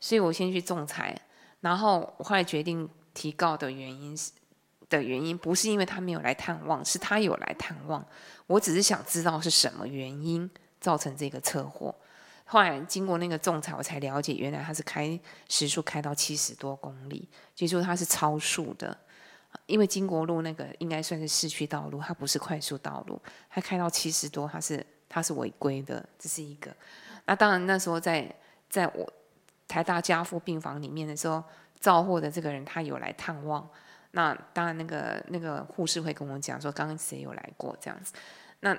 所以我先去仲裁。然後我後來決定提告的原因是的原因，不是因為他沒有來探望，是他有來探望，我只是想知道是什麼原因造成這個車禍。後來經過那個仲裁，我才了解，原來他是開時速開到七十多公里，據、就是、說他是超速的，因為經國路那個應該算是市區道路，它不是快速道路，他開到七十多，他是他是違規的，這是一個。那當然那時候在在我台大加護病房裡面的時候，肇禍的這個人他有來探望，那當然那個那個護士會跟我講說，剛剛誰有來過這樣子，那。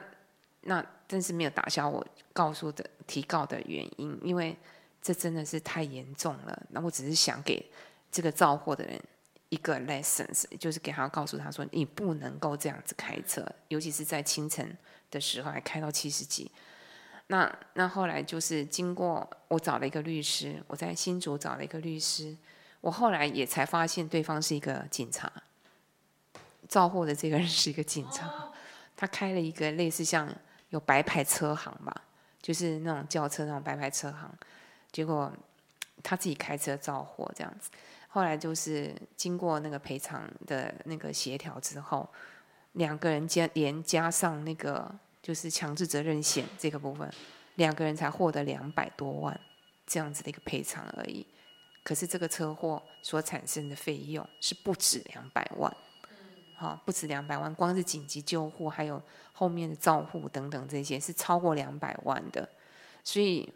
那但是沒有打消我告訴的提告的原因，因為這真的是太嚴重了。那我只是想給這個肇禍的人一個 lessons，就是給他告訴他說，你不能夠這樣子開車，尤其是在清晨的時候還開到七十幾。那那後來就是經過我找了一個律師，我在新竹找了一個律師，我後來也才發現對方是一個警察，肇禍的這個人是一個警察，他開了一個類似像。有白牌車行吧，就是那種轎車那種白牌車行，結果他自己開車肇禍，這樣子。後來就是經過那個賠償的那個協調之後，兩個人加連加上那個就是強制責任險這個部分，兩個人才獲得兩百多萬這樣子的一個賠償而已。可是這個車禍所產生的費用是不止兩百萬。哈，不止兩百萬，光是緊急救護，還有後面的照護等等這些，是超過兩百萬的。所以，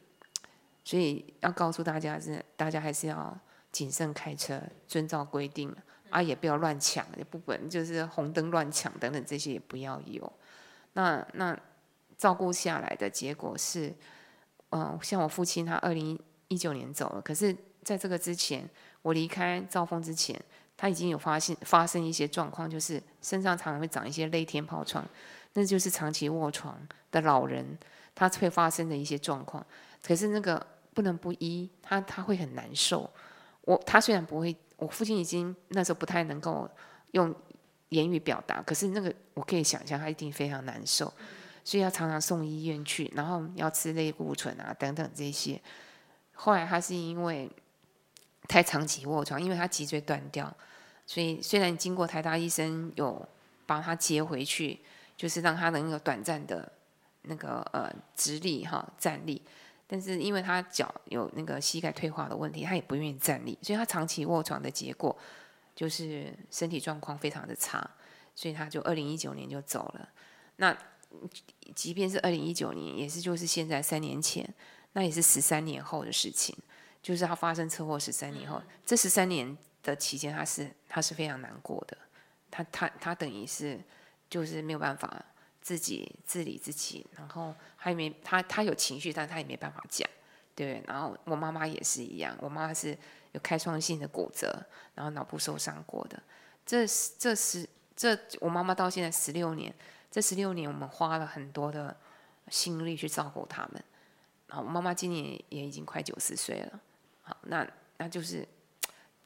所以要告訴大家是，大家還是要謹慎開車，遵照規定，啊，也不要亂搶，也不管就是紅燈亂搶等等這些也不要有。那那照顧下來的結果是，嗯、呃，像我父親他二零一九年走了，可是在這個之前，我離開兆豐之前。他已經有發現發生一些狀況，就是身上常常會長一些類天疱瘡，那就是長期臥床的老人，他會發生的一些狀況。可是那個不能不醫，他他會很難受。我他雖然不會，我父親已經那時候不太能夠用言語表達，可是那個我可以想象他一定非常難受，所以要常常送醫院去，然後要吃類固醇啊等等這些。後來他是因為太長期臥床，因為他脊椎斷掉。所以，雖然經過台大醫生有把他接回去，就是讓他能有短暫的，那個呃直立哈站立，但是因為他腳有那個膝蓋退化的問題，他也不願意站立，所以他長期臥床的結果就是身體狀況非常的差，所以他就二零一九年就走了。那即便是二零一九年，也是就是現在三年前，那也是十三年後的事情，就是他發生車禍十三年後，嗯、這十三年。的期間，他是他是非常難過的，他他他等於是就是沒有辦法自己自理自己，然後還沒他他有情緒，但他也沒辦法講，對，然後我媽媽也是一樣，我媽媽是有開創性的骨折，然後腦部受傷過的。這這十這我媽媽到現在十六年，這十六年我們花了很多的心力去照顧他們。然後我媽媽今年也已經快九十歲了，好，那那就是。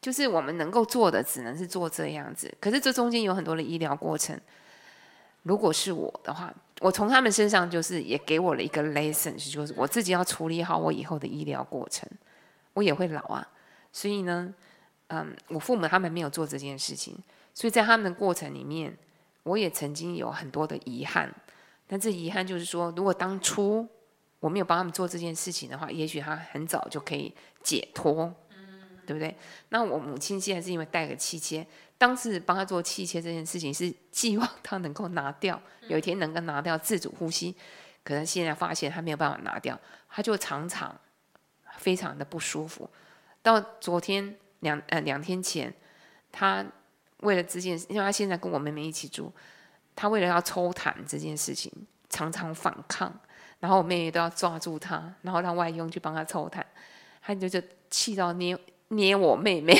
就是我們能夠做的，只能是做這樣子。可是這中間有很多的醫療過程。如果是我的話，我從他們身上就是也給我了一個 lesson，就是我自己要處理好我以後的醫療過程。我也會老啊，所以呢，嗯，我父母他們沒有做這件事情，所以在他們的過程裡面，我也曾經有很多的遺憾。但這遺憾就是說，如果當初我沒有幫他們做這件事情的話，也許他很早就可以解脫。對不對？那我母親現在是因為戴個氣切，當時幫他做氣切這件事情，是寄望他能夠拿掉，有一天能夠拿掉自主呼吸。可能現在發現他沒有辦法拿掉，他就常常非常的不舒服。到昨天兩，呃，兩天前，他為了這件事，因為她現在跟我妹妹一起住，他為了要抽痰這件事情，常常反抗，然後我妹妹都要抓住他，然後讓外傭去幫他抽痰，他就就氣到捏捏我妹妹，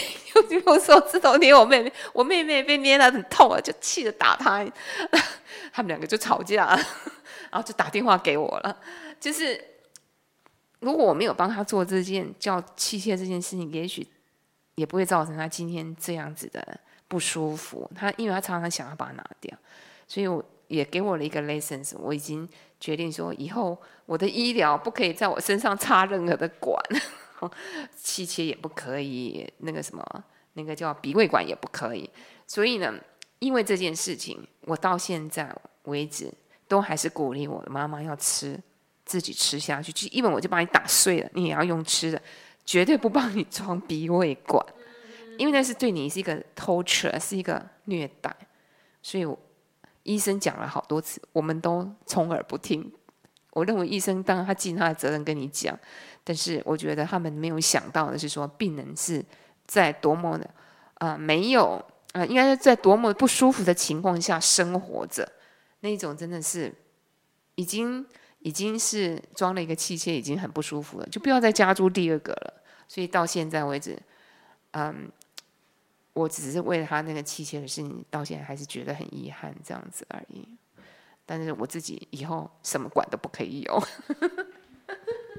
用手指頭捏我妹妹，我妹妹被捏得很痛啊，就氣得打他。他們兩個就吵架，然後就打電話給我了。就是如果我沒有幫他做這件叫氣切這件事情，也許也不會造成他今天這樣子的不舒服。他因為他常常想要把它拿掉，所以我也給我了一個 lessons。我已經決定說，以後我的醫療不可以在我身上插任何的管。氣切也不可以，那個什麼，那個叫鼻胃管也不可以。所以呢，因為這件事情，我到現在為止都還是鼓勵我的媽媽要吃，自己吃下去。就一本我就把你打碎了，你也要用吃的，絕對不幫你裝鼻胃管，因為那是對你是一個 torture，是一個虐待。所以醫生講了好多次，我們都充耳不聽。我認為醫生當然他盡他的責任跟你講，但是我覺得他們沒有想到的是說病人，是在多麼的啊、呃、沒有啊、呃、應該是在多麼不舒服的情況下生活着，那一種真的是已經已經是裝了一個器械已經很不舒服了，就不要再加裝第二個了。所以到現在為止，嗯、呃，我只是為了他那個器械的事情，到現在還是覺得很遺憾，這樣子而已。但是我自己以後什麼管都不可以有。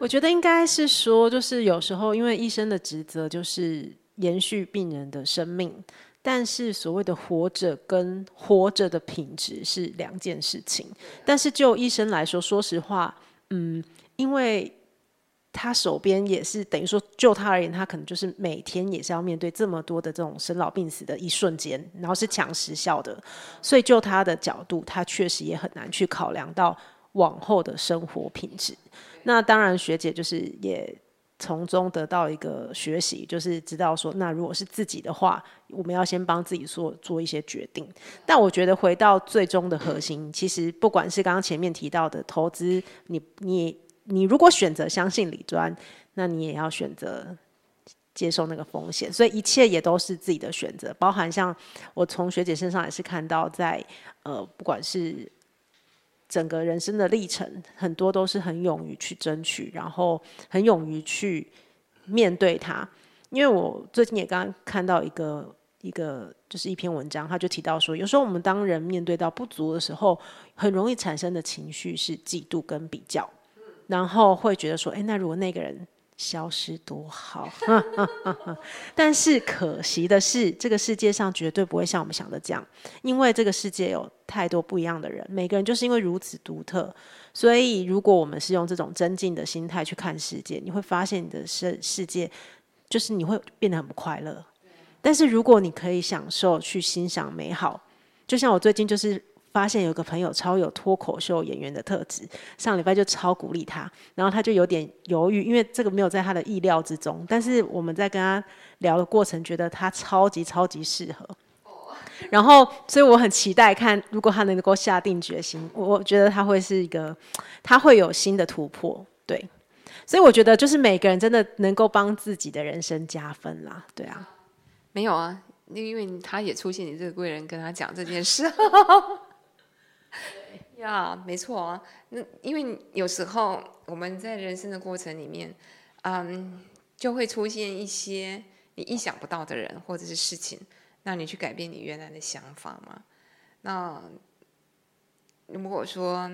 我覺得應該是說，就是有時候因為醫生的職責就是延續病人的生命，但是所謂的活着跟活着的品質是兩件事情。但是就醫生來說，說實話，嗯，因為。他手邊也是等於說，就他而言，他可能就是每天也是要面對這麼多的這種生老病死的一瞬間，然後是搶時效的，所以就他的角度，他確實也很難去考量到往後的生活品質。那當然，學姐就是也從中得到一個學習，就是知道說，那如果是自己的話，我們要先幫自己做做一些決定。但我覺得回到最終的核心，其實不管是剛剛前面提到的投資，你你。你如果選擇相信理專，那你也要選擇接受那個風險。所以一切也都是自己的選擇，包含像我從學姐身上也是看到在，在呃，不管是整個人生的歷程，很多都是很勇於去爭取，然後很勇於去面對它。因為我最近也剛剛看到一個一個就是一篇文章，他就提到說，有時候我們當人面對到不足的時候，很容易產生的情緒是嫉妒跟比較。然後會覺得說，哎，那如果那個人消失多好呵呵呵。但是可惜的是，這個世界上絕對不會像我們想的這樣，因為這個世界有太多不一樣的人，每個人就是因為如此獨特，所以如果我們是用這種增進的心態去看世界，你會發現你的世世界就是你會變得很不快樂。但是如果你可以享受去欣賞美好，就像我最近就是。發現有個朋友超有脫口秀演員的特質，上禮拜就超鼓勵他，然後他就有點猶豫，因為這個沒有在他的意料之中。但是我們在跟他聊的過程，覺得他超級超級適合。然後所以我很期待看，如果他能夠下定決心，我覺得他會是一個，他會有新的突破。對，所以我覺得就是每個人真的能夠幫自己的人生加分啦。對啊，沒有啊，因為他也出現你這個貴人跟他講這件事。 呀，對 yeah，沒錯啊、哦。那因為有時候我們在人生的過程裡面，嗯，就會出現一些你意想不到的人或者是事情，讓你去改變你原來的想法嘛。那如果說，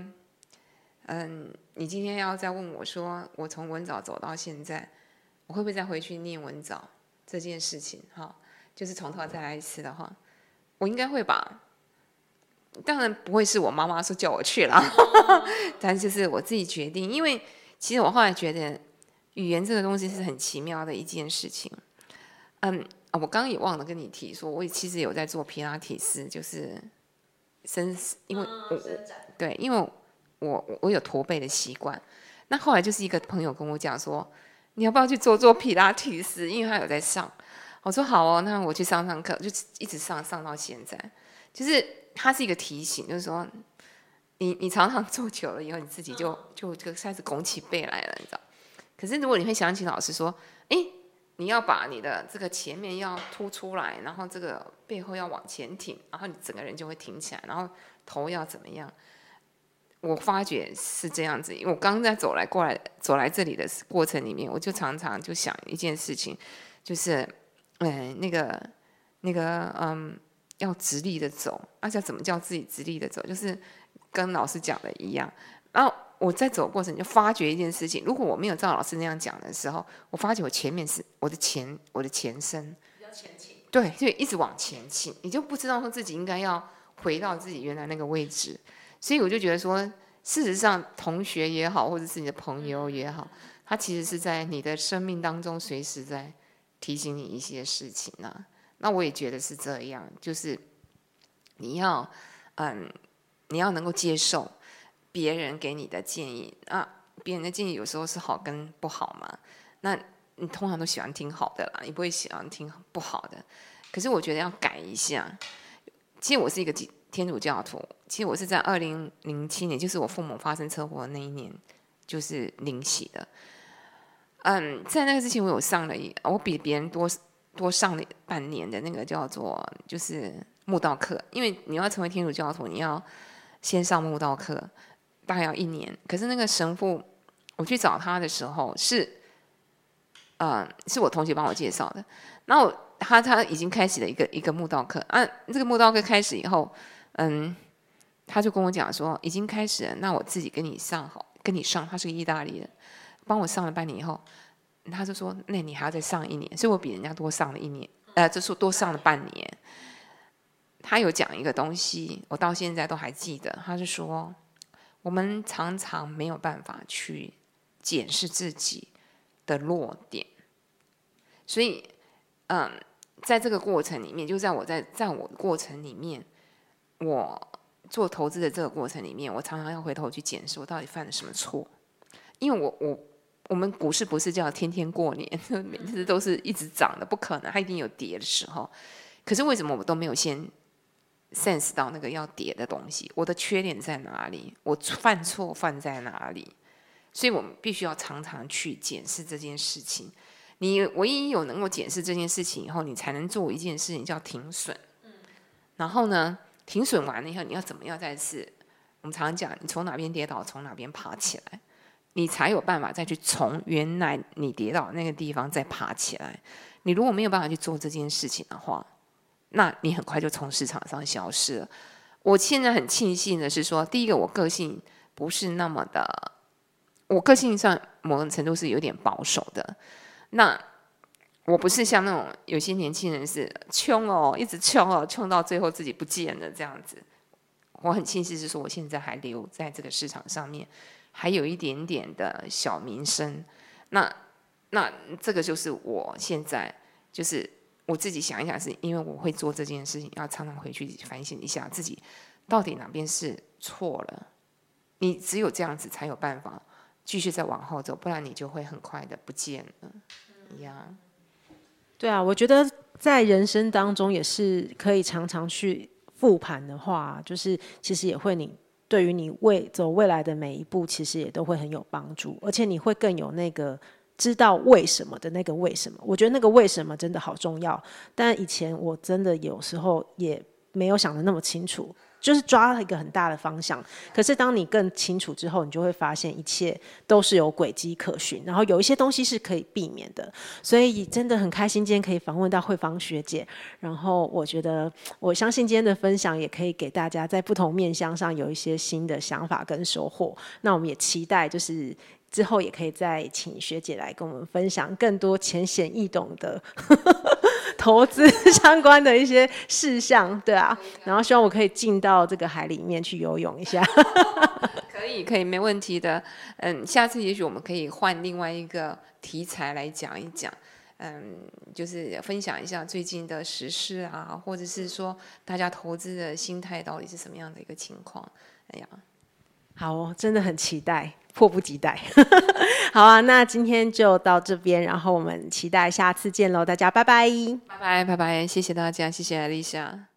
嗯，你今天要再問我說，我從文藻走到現在，我會不會再回去念文藻這件事情？哈，就是從頭再來一次的話，我應該會吧。當然不會是我媽媽說叫我去了，但是就是我自己決定，因為其實我後來覺得語言這個東西是很奇妙的一件事情。嗯啊、哦，我剛剛也忘了跟你提說，我其實有在做皮拉提斯，就是因為、啊嗯、對，因為我我，我有駝背的習慣，那後來就是一個朋友跟我講說，你要不要去做做皮拉提斯？因為他有在上，我說好哦，那我去上上課，就一直上上到現在，就是。它是一個提醒，就是說，你你常常坐久了以後，你自己就就就開始拱起背來了，你知道。可是如果你會想起老師說，誒，你要把你的這個前面要凸出來，然後這個背後要往前挺，然後你整個人就會挺起來，然後頭要怎麼樣？我發覺是這樣子，因為我剛在走來過來走來這裡的過程裡面，我就常常就想一件事情，就是，嗯，那個那個，嗯。要直立的走，而且怎麼叫自己直立的走？就是跟老師講的一樣。然後我在走過程就發覺一件事情：如果我沒有照老師那樣講的時候，我發覺我前面是我的前，我的前身比較前傾。對，就一直往前傾，你就不知道說自己應該要回到自己原來那個位置。所以我就覺得說，事實上，同學也好，或者是你的朋友也好，他其實是在你的生命當中隨時在提醒你一些事情呢、啊。那我也覺得是這樣，就是你要，嗯，你要能夠接受別人給你的建議。那、啊、別人的建議有時候是好跟不好嘛？那你通常都喜歡聽好的啦，你不會喜歡聽不好的。可是我覺得要改一下。其實我是一個天主教徒，其實我是在二零零七年，就是我父母發生車禍的那一年，就是領洗的。嗯，在那個之前，我有上了一，我比別人多。多上了半年的那個叫做就是慕道課，因為你要成為天主教徒，你要先上慕道課，大概要一年。可是那個神父，我去找他的時候是，嗯，是我同學幫我介紹的。然後他他已經開始了一個一個慕道課啊，這個慕道課開始以後，嗯，他就跟我講說已經開始了，那我自己跟你上好，跟你上。他是個意大利人，幫我上了半年以後。他就說：“那你還要再上一年，所以我比人家多上了一年，呃，就說多上了半年。”他有講一個東西，我到現在都還記得。他就說，我們常常沒有辦法去檢視自己的弱點，所以，嗯，在這個過程裡面，就在我在在我過程裡面，我做投資的這個過程裡面，我常常要回頭去檢視我到底犯了什麼錯，因為我我。我們股市不是叫天天過年，每次都是一直漲的，不可能，它一定有跌的時候。可是為什麼我們都沒有先 sense 到那個要跌的東西？我的缺點在哪裡？我犯錯犯在哪裡？所以我們必須要常常去檢視這件事情。你唯一有能夠檢視這件事情以後，你才能做一件事情叫停損。然後呢，停損完了以後，你要怎麼樣再試？我們常常講，你從哪邊跌倒，從哪邊爬起來。你才有辦法再去從原來你跌倒那個地方再爬起來。你如果沒有辦法去做這件事情的話，那你很快就從市場上消失了。我現在很慶幸的是說，第一個我個性不是那麼的，我個性上某種程度是有點保守的。那我不是像那種有些年輕人是衝哦，一直衝哦，衝到最後自己不見了這樣子。我很慶幸是說，我現在還留在這個市場上面。還有一點點的小名聲，那那這個就是我現在，就是我自己想一想，是因為我會做這件事情，要常常回去反省一下自己，到底哪邊是錯了？你只有這樣子才有辦法繼續再往後走，不然你就會很快的不見了。一樣，對啊，我覺得在人生當中也是可以常常去復盤的話，就是其實也會你。對於你未走未來的每一步，其實也都會很有幫助，而且你會更有那個知道為什麼的那個為什麼。我覺得那個為什麼真的好重要，但以前我真的有時候也沒有想得那麼清楚。就是抓了一個很大的方向，可是當你更清楚之後，你就會發現一切都是有軌跡可循，然後有一些東西是可以避免的。所以真的很開心今天可以訪問到慧芳學姐，然後我覺得我相信今天的分享也可以給大家在不同面向上有一些新的想法跟收穫。那我們也期待就是之後也可以再請學姐來跟我們分享更多淺顯易懂的。 投資相關的一些事項，對啊，然後希望我可以進到這個海裡面去游泳一下， 可以，可以，沒問題的。嗯，下次也許我們可以換另外一個題材來講一講，嗯，就是分享一下最近的時事啊，或者是說大家投資的心態到底是什麼樣的一個情況。哎呀，好哦，真的很期待。迫不及待， 好啊！那今天就到這邊，然後我們期待下次見嘍，大家拜拜，拜拜拜拜，謝謝大家，謝謝 Alicia。